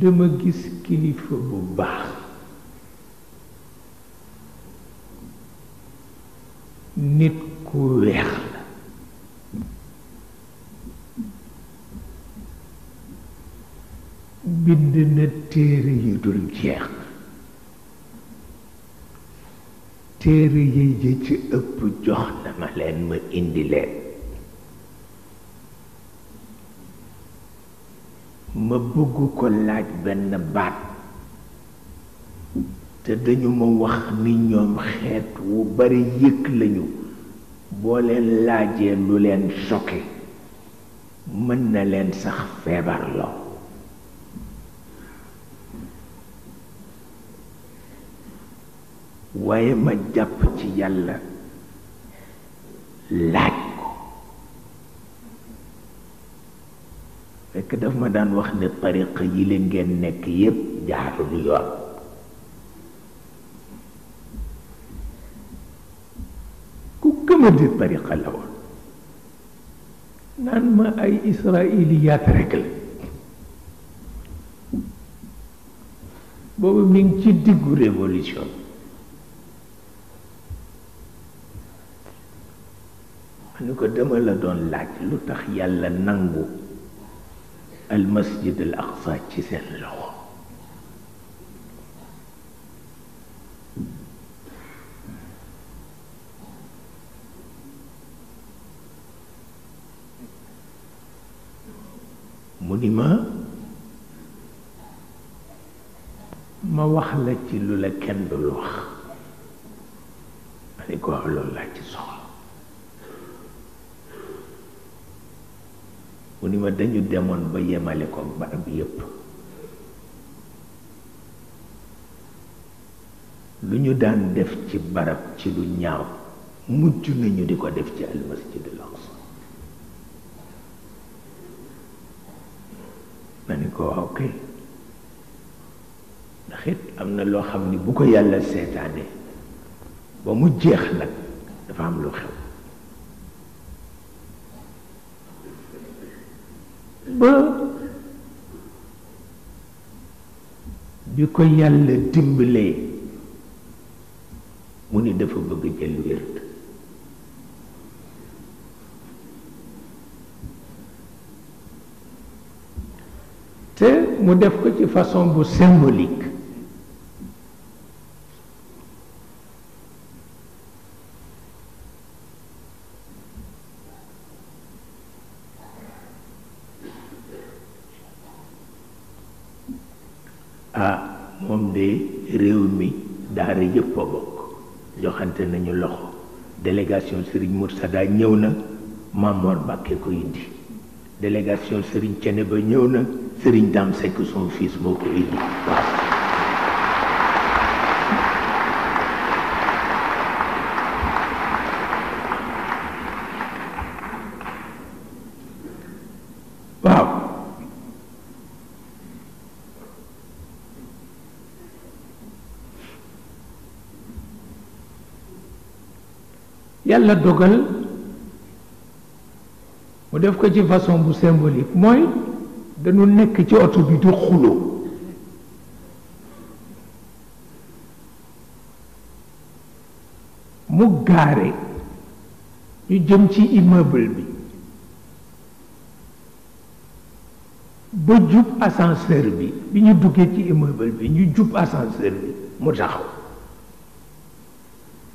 dama gis kilifa bu baax nit ku weex bind na téere yu dul jeex téere yi yi ci ëpp jox na ma leen ma indi leen ma bëgg ko laaj benn baat te dañu ma wax ni ñoom xeet wu bari yëg lañu boo leen laajee lu leen soke mën na leen sax feebar la waaye ma jàpp ci yàlla laaj ko fekk daf ma daan wax ne tariqa yi la ngeen nekk yépp jaarul yoon ku gëma di tariqa la woon naan ma ay israiliyaat rek la boobu mi ngi ci diggu révolution نكو دما لا دون لاج لوتاخ يالا نانغو المسجد الاقصى تي سين لوخو مونيما ما واخ لا تي لولا كين دول واخ ما كو لولا تي mu ni ma dañu demoon ba yemale ko barab yépp lu ñu daan def ci barab ci lu ñaaw mujj nañu di ko def ci almasjid al aqsa ma ni ko waaw kay ndax it am na loo xam ni bu ko yàlla seetaane ba mu jeex nag dafa am lu xew ba bi ko yàlla dimbalee mu ni dafa bëgg jël wérd te mu def ko ci façon bu symbolique moom de réew mi daar yëpp a bokk joxante nañu loxo délégation Serigne Moursada ñëw na Mamor Mbàkke ko indi délégation Serigne Cene ba ñëw na Serigne Dame Seck son fils moo ko indi yàlla dogal mu def ko ci façon bu symbolique mooy dañu nekk ci oto bi di xuloo mu gaare ñu jëm ci immeuble bi ba jub ascenseur bi bi ñu duggee ci immeuble bi ñu jub ascenseur bi mu taxaw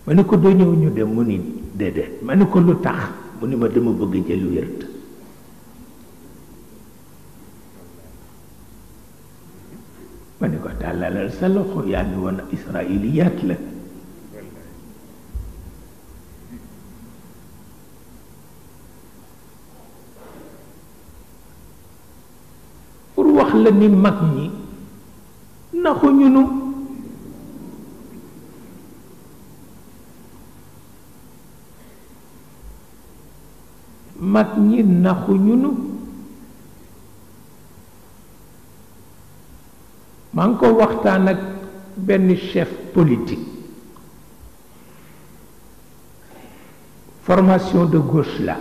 ma ne ko doo ñëw ñu dem mu ni déedéet ma ne ko lu tax mu ni ma dama bëgg jël wér ma ne ko tàllalal sa loxo yaa ni woon israiliyaat la pour wax la ni mag ñi naxuñu nu mag ñi naxu ñunu maa ngi ko waxtaan ak benn chef politique formation de gauche la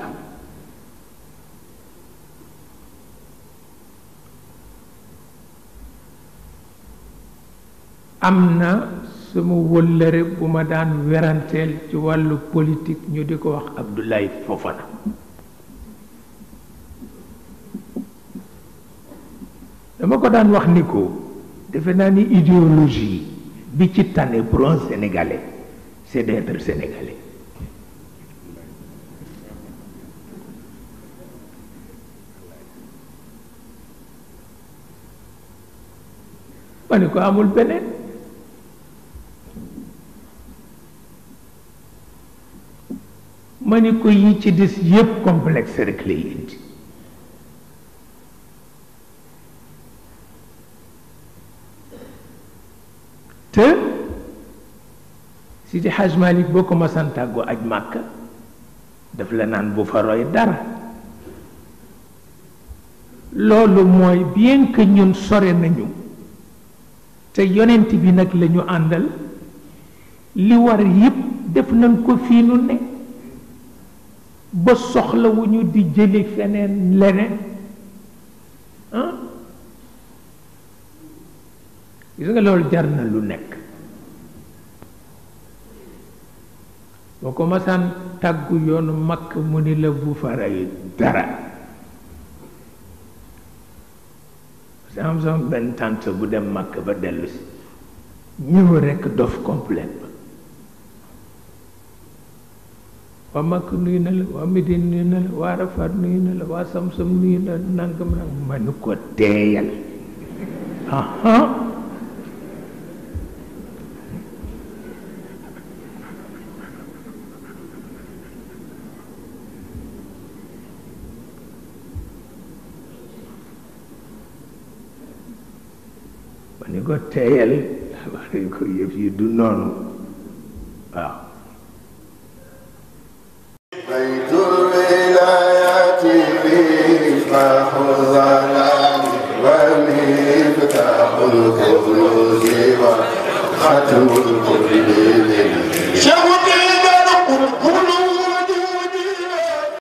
am na sama wëllëre bu ma daan weranteel ci wàllu politique ñu di ko wax abdoulaye fofana dama ko daan wax ni defe naa ni idéologie bi ci tane pour un sénégalais c'est d'être sénégalais ma ne ko amul beneen ma ne ko yi ci des yëpp complexe rek lay si Sidi Hadj Malick boo ko masaan aj màkk daf la naan bu fa roy dara loolu mooy bien que ñun sore nañu te yonent bi nag lañu àndal li war yépp def nañ ko fii nu ne ba soxlawuñu di jëli feneen leneen gis nga loolu jar na lu nekk boo ko masaan tàggu yoonu makk mu ni la bu faray dara parce benn tante bu dem makk ba dellusi si ñëw rekk dof complet ba waa makk nuyu na la waa Médine nuyu na la waa Rafat nuyu na la waa Samsam nuyu na nangam nag ma nu ko teeyal ni ko teeyal xamal ni ko yëf yi du noonu waaw